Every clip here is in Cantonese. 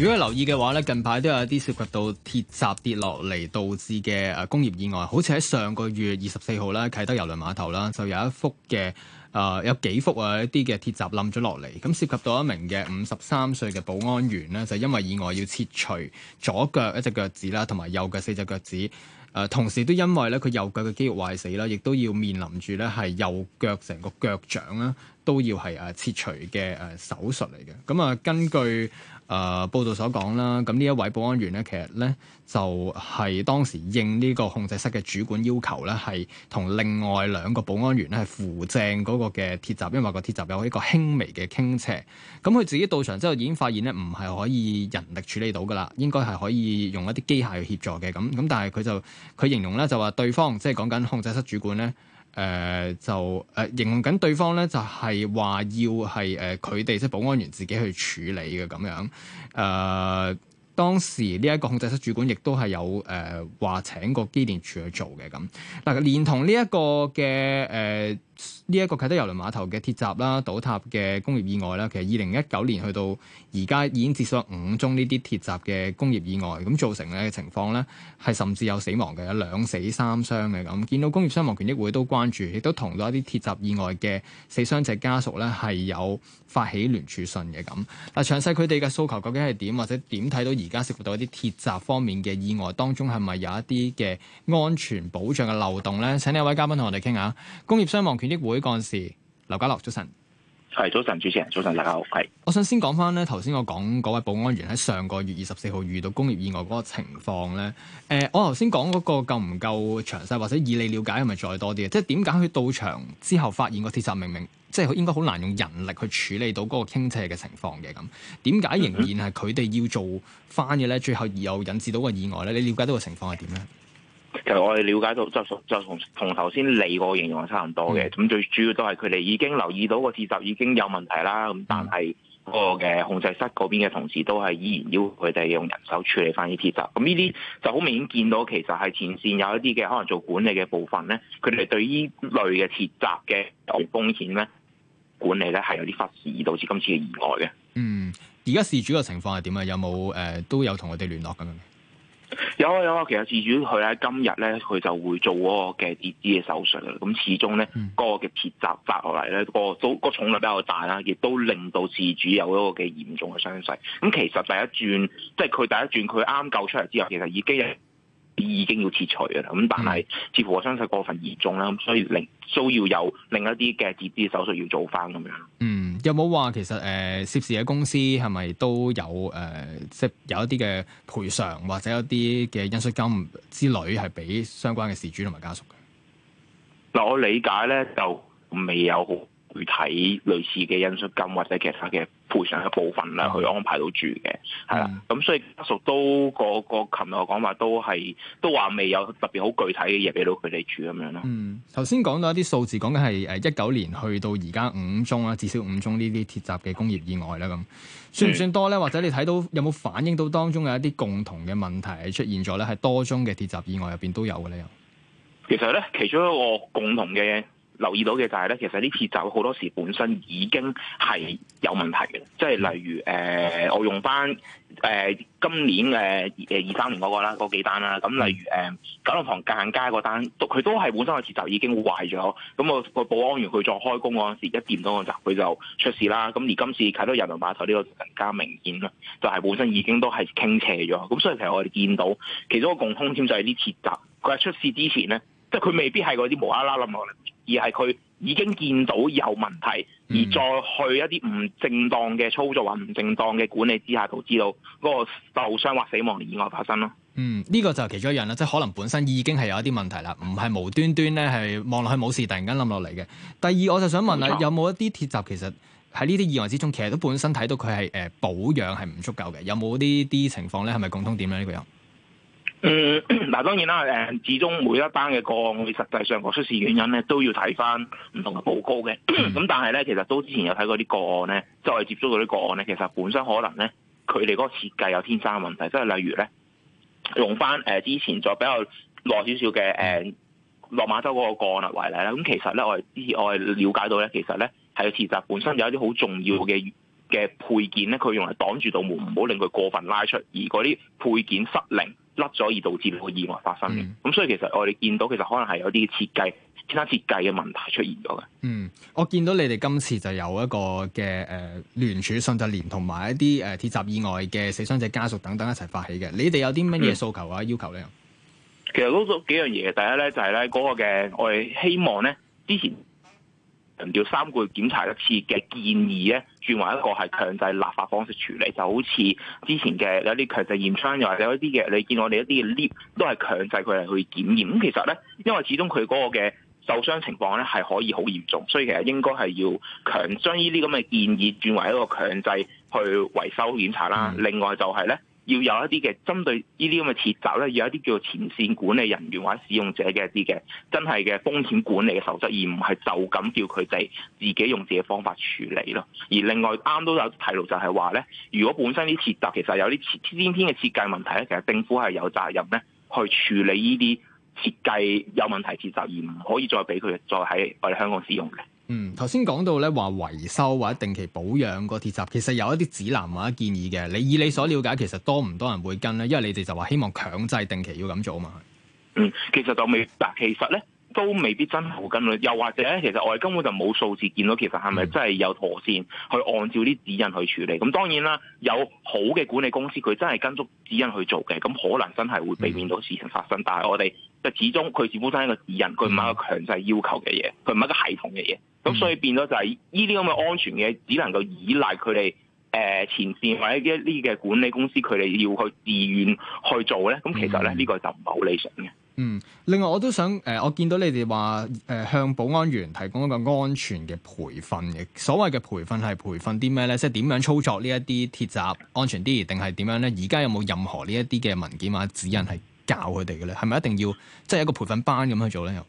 如果留意嘅話咧，近排都有啲涉及到鐵閘跌落嚟導致嘅誒工業意外，好似喺上個月二十四號咧，啟德郵輪碼頭啦，就有一幅嘅誒、呃、有幾幅啊一啲嘅鐵閘冧咗落嚟，咁涉及到一名嘅五十三歲嘅保安員呢，就因為意外要切除左腳一隻腳趾啦，同埋右腳四隻腳趾。誒同時都因為咧佢右腳嘅肌肉壞死啦，亦都要面臨住咧係右腳成個腳掌啦，都要係誒切除嘅誒手術嚟嘅。咁、嗯、啊，根據誒、呃、報道所講啦，咁呢一位保安員咧，其實咧就係、是、當時應呢個控制室嘅主管要求咧，係同另外兩個保安員咧係扶正嗰個嘅鐵閘，因為個鐵閘有呢個輕微嘅傾斜。咁佢自己到場之後已經發現咧，唔係可以人力處理到噶啦，應該係可以用一啲機械去協助嘅。咁咁，但係佢就佢形容咧就話對方即係講緊控制室主管咧，誒、呃、就誒、呃、形容緊對方咧就係、是、話要係誒佢哋即係保安員自己去處理嘅咁樣，誒、呃、當時呢一個控制室主管亦都係有誒話、呃、請個機電處去做嘅咁，嗱連同呢一個嘅誒。呃呢一個啟德郵輪碼頭嘅鐵閘啦、倒塌嘅工業意外啦。其實二零一九年去到而家已經接咗五宗呢啲鐵閘嘅工業意外，咁造成嘅情況呢，係甚至有死亡嘅，有兩死三傷嘅咁。見到工業傷亡權益會都關注，亦都同到一啲鐵閘意外嘅死傷者家屬呢，係有發起聯署信嘅咁。嗱，詳細佢哋嘅訴求究竟係點，或者點睇到而家涉及到一啲鐵閘方面嘅意外當中係咪有一啲嘅安全保障嘅漏洞呢？請呢位嘉賓同我哋傾下工業傷亡權權益會嗰陣時，劉家樂早晨，係早晨主持人，早晨，早晨，早晨大家好，係。我想先講翻咧，頭先我講嗰位保安員喺上個月二十四號遇到工業意外嗰個情況咧，誒、呃，我頭先講嗰個夠唔夠詳細，或者以你了解係咪再多啲啊？即係點解佢到場之後發現個鐵閘明明，即、就、係、是、應該好難用人力去處理到嗰個傾斜嘅情況嘅咁，點解仍然係佢哋要做翻嘅咧？最後又引致到個意外咧？你了解到個情況係點咧？其實我哋了解到，就從就從從頭先你個形容係差唔多嘅，咁、嗯、最主要都係佢哋已經留意到個鐵閘已經有問題啦，咁但係個嘅控制室嗰邊嘅同事都係依然要佢哋用人手處理翻啲鐵閘，咁呢啲就好明顯見到，其實係前線有一啲嘅可能做管理嘅部分咧，佢哋對類鐵閘呢類嘅鐵閘嘅有風險咧管理咧係有啲忽視，而導致今次嘅意外嘅。嗯，而家事主嘅情況係點啊？有冇誒、呃、都有同佢哋聯絡咁樣？有啊有啊，其實事主佢喺今日咧，佢就會做嗰個嘅截肢嘅手術啦。咁始終咧，嗰、嗯、個嘅鐵閘跌落嚟咧，個重個重量咧比較大啦，亦都令到事主有一個嘅嚴重嘅傷勢。咁其實第一轉，即係佢第一轉，佢啱救出嚟之後，其實已經已經要切除啊，咁但係似乎我傷勢過分嚴重啦，咁、嗯、所以另都要有另一啲嘅截肢手術要做翻咁樣。嗯，有冇話其實誒、呃、涉事嘅公司係咪都有誒、呃，即係有一啲嘅賠償或者一啲嘅恩恤金之類係俾相關嘅事主同埋家屬嘅？嗱、呃，我理解咧就未有。具體類似嘅恩恤金或者其他嘅賠償嘅部分啦，啊、去安排到住嘅，係啦、啊。咁所以家屬都個個琴日講話都係都話未有特別好具體嘅嘢俾到佢哋住咁樣咯。嗯，頭先講到一啲數字，講緊係誒一九年去到而家五宗啦，至少五宗呢啲鐵閘嘅工業意外啦，咁算唔算多咧？的或者你睇到有冇反映到當中有一啲共同嘅問題係出現咗咧？係多宗嘅鐵閘意外入邊都有嘅咧。又其實咧，其中一個共同嘅。留意到嘅就係咧，其實呢鐵閘好多時本身已經係有問題嘅，即係例如誒、呃，我用翻誒、呃、今年嘅誒、呃、二,二三年嗰、那個啦，嗰、那個、幾單啦，咁、嗯、例如誒、呃、九龍塘間街嗰單，都佢都係本身個鐵閘已經壞咗，咁、那、我個保安員佢再開工嗰陣時，一掂到個閘佢就出事啦。咁而今次睇到油塘碼頭呢個更加明顯啦，就係、是、本身已經都係傾斜咗。咁所以其實我哋見到其中個共通點就係啲鐵閘，佢喺出事之前咧，即係佢未必係嗰啲無啦啦冧落嚟。而係佢已經見到有問題，而再去一啲唔正當嘅操作或唔正當嘅管理之下，導致到嗰個受傷或死亡嘅意外發生咯。嗯，呢個就係其中一樣啦，即係可能本身已經係有一啲問題啦，唔係無端端咧係望落去冇事，突然間冧落嚟嘅。第二，我就想問下，冇錯。有冇一啲鐵閘其實喺呢啲意外之中，其實都本身睇到佢係誒保養係唔足夠嘅，有冇呢啲情況咧？係咪共通點咧？呢個樣？嗯，嗱當然啦，誒，始終每一單嘅個案，佢實際上個出事原因咧，都要睇翻唔同嘅報告嘅。咁但係咧，其實都之前有睇過啲個案咧，即係我哋接觸到啲個案咧，其實本身可能咧，佢哋嗰個設計有天生嘅問題，即係例如咧，用翻誒之前再比較耐少少嘅誒，落馬洲嗰個個案啦為例啦，咁其實咧我係我係了解到咧，其實咧係個磁集本身有一啲好重要嘅嘅配件咧，佢用嚟擋住度門，唔好令佢過分拉出，而嗰啲配件失靈。甩咗而導致個意外發生嘅，咁所以其實我哋見到其實可能係有啲設計，其他設計嘅問題出現咗嘅。嗯，我見到你哋今次就有一個嘅誒、呃、聯署信就連同埋一啲誒、呃、鐵閘意外嘅死傷者家屬等等一齊發起嘅，你哋有啲乜嘢訴求啊、嗯、要求咧？其實嗰個幾樣嘢，第一咧就係咧嗰個嘅，我哋希望咧之前強調三個月檢查一次嘅建議咧。轉為一個係強制立法方式處理，就好似之前嘅有啲強制驗窗，又或者有一啲嘅你見我哋一啲嘅 lift 都係強制佢哋去檢驗。咁其實咧，因為始終佢嗰個嘅受傷情況咧係可以好嚴重，所以其實應該係要強將呢啲咁嘅建議轉為一個強制去維修檢查啦。另外就係咧。要有一啲嘅針對這這呢啲咁嘅鐵閘咧，有一啲叫做前線管理人員或者使用者嘅一啲嘅真係嘅風險管理嘅守則，而唔係就咁叫佢哋自己用自己方法處理咯。而另外啱都有提到就係話咧，如果本身啲鐵閘其實有啲先天嘅設計問題咧，其實政府係有責任咧去處理呢啲設計有問題鐵閘，而唔可以再俾佢再喺我哋香港使用嘅。嗯，頭先講到咧話維修或者定期保養個鐵閘，其實有一啲指南或者建議嘅。你以你所了解，其實多唔多人會跟咧？因為你哋就話希望強制定期要咁做嘛。嗯，其實就未嗱，其實咧都未必真係好跟㗎。又或者其實我哋根本就冇數字見到，其實係咪真係有妥善去按照啲指引去處理？咁當然啦，有好嘅管理公司，佢真係跟足指引去做嘅，咁可能真係會避免到事情發生。嗯、但係我哋即始終佢只本身一個指引，佢唔係一個強制要求嘅嘢，佢唔係一個系統嘅嘢。咁、嗯、所以變咗就係呢啲咁嘅安全嘅，只能夠依賴佢哋誒前線或者一啲嘅管理公司，佢哋要去自願去做咧。咁其實咧，呢、呢個就唔係好理想嘅。嗯，另外我都想誒、呃，我見到你哋話誒向保安員提供一個安全嘅培訓嘅，所謂嘅培訓係培訓啲咩咧？即係點樣操作呢一啲鐵閘安全啲，定係點樣咧？而家有冇任何呢一啲嘅文件或、啊、者指引係教佢哋嘅咧？係咪一定要即係一個培訓班咁去做咧？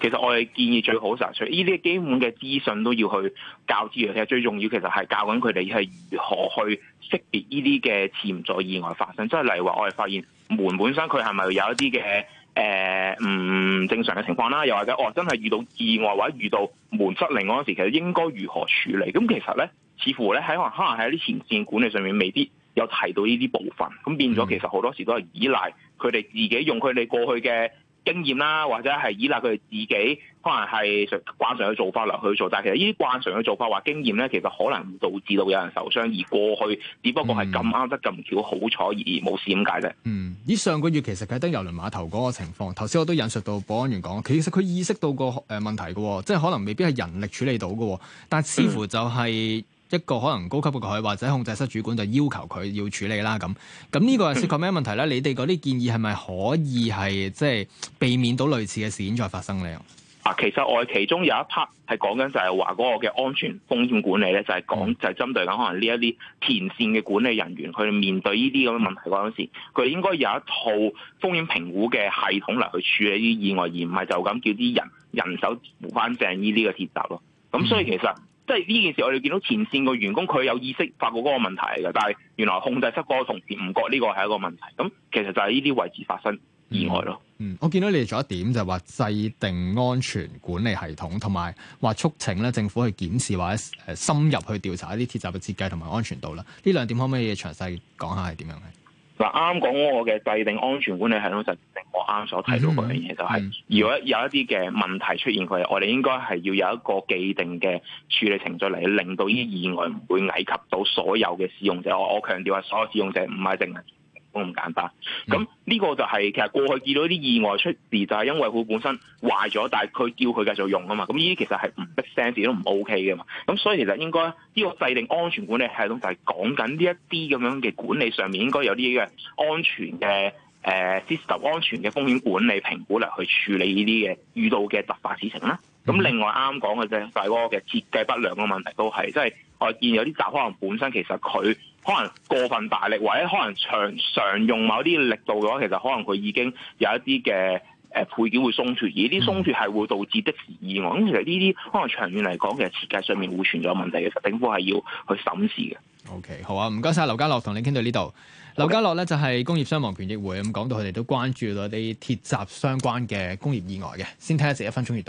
其實我哋建議最好就係除呢啲基本嘅資訊都要去教之餘，其實最重要其實係教緊佢哋係如何去識別呢啲嘅潛在意外發生。即係例如話，我哋發現門本身佢係咪有一啲嘅誒唔正常嘅情況啦，又或者哦，真係遇到意外或者遇到門失靈嗰時，其實應該如何處理？咁其實呢，似乎呢，喺可能可能喺啲前線管理上面未必有提到呢啲部分，咁變咗其實好多時都係依賴佢哋自己用佢哋過去嘅經驗啦，或者係依賴佢哋自己，可能係慣常嘅做法嚟去做，但係其實呢啲慣常嘅做法或經驗咧，其實可能導致到有人受傷。而過去只不過係咁啱得咁巧，好彩而冇事，咁解啫。嗯，依、嗯、上個月其實啟德郵輪碼頭嗰個情況，頭先我都引述到保安員講，其實佢意識到個誒問題嘅，即係可能未必係人力處理到嘅，但係似乎就係、是。嗯一個可能高級嘅佢或者控制室主管就要求佢要處理啦咁，咁呢個係涉及咩問題咧？嗯、你哋嗰啲建議係咪可以係即係避免到類似嘅事件再發生咧？啊，其實我其中有一 part 係講緊就係話嗰個嘅安全風險管理咧，嗯、就係講就係針對緊可能呢一啲前線嘅管理人員，佢面對呢啲咁嘅問題嗰陣時，佢應該有一套風險評估嘅系統嚟去處理呢啲意外，而唔係就咁叫啲人人手換翻正衣呢個鐵閘咯。咁所以其實。嗯嗯。即係呢件事，我哋見到前線個員工佢有意識發覺嗰個問題嚟嘅，但係原來控制室個同事唔覺呢個係一個問題。咁其實就係呢啲位置發生意外咯。嗯。嗯，我見到你哋仲有一點就係話制定安全管理系統，同埋話促請咧政府去檢視或者誒深入去調查一啲鐵閘嘅設計同埋安全度啦。呢兩點可唔可以詳細講下係點樣？嗱，啱講我嘅制定安全管理系統，就正我啱所提到嗰樣嘢，嗯、就係、是、如果有一啲嘅問題出現佢，嗯、我哋應該係要有一個既定嘅處理程序嚟，令到呢啲意外唔會危及到所有嘅使用者。我我強調話，所有使用者唔係淨係。咁簡單，咁呢、嗯、個就係、是、其實過去見到啲意外出事，就係、是、因為佢本身壞咗，但係佢叫佢繼續用啊嘛。咁呢啲其實係唔 make sense 都唔 OK 嘅嘛。咁、嗯、所以其實應該呢、這個制定安全管理系統就係講緊呢一啲咁樣嘅管理上面應該有啲嘅安全嘅誒、呃、system 安全嘅風險管理評估嚟去處理呢啲嘅遇到嘅突發事情啦。咁、嗯、另外啱啱講嘅啫，就係嗰個嘅設計不良嘅問題都係，即、就、係、是、我見有啲閘可能本身其實佢。可能過分大力，或者可能長常用某啲力度嘅話，其實可能佢已經有一啲嘅誒配件會鬆脱，而啲鬆脱係會導致啲意外咁。其實呢啲可能長遠嚟講，其實設計上面會存在問題嘅。其實政府係要去審視嘅。OK，好啊，唔該晒劉家樂，同你傾到呢度。劉家樂咧就係工業傷亡權益會，咁講到，佢哋都關注嗰啲鐵閘相關嘅工業意外嘅。先睇下自己一分鐘閱讀。